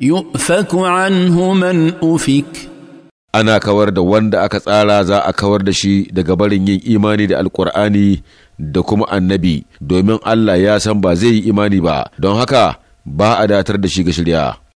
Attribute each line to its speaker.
Speaker 1: يؤفك عنه من أفك ana kawar da wanda aka tsara za a kawar da shi daga barin yin imani da alkur'ani da kuma annabi domin Allah ya san ba zai yi imani ba don haka ba a datar da shi ga shirya